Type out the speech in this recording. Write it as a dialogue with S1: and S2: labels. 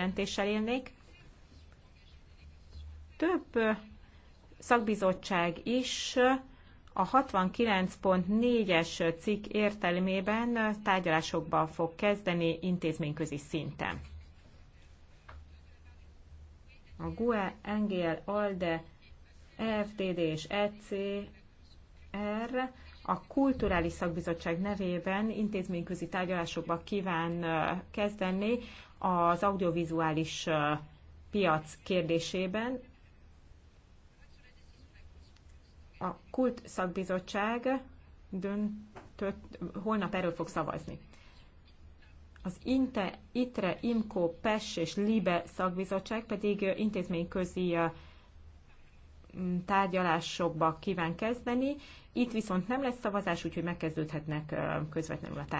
S1: jelentéssel élnék. Több szakbizottság is a 69.4-es cikk értelmében tárgyalásokban fog kezdeni intézményközi szinten. A GUE, NGL, ALDE, EFTD és EC R a Kulturális Szakbizottság nevében intézményközi tárgyalásokba kíván kezdeni az audiovizuális piac kérdésében. A Kult Szakbizottság döntött, holnap erről fog szavazni. Az INTE, ITRE, IMKO, PES és LIBE szakbizottság pedig intézményközi tárgyalásokba kíván kezdeni. Itt viszont nem lesz szavazás, úgyhogy megkezdődhetnek
S2: közvetlenül a tárgyalások.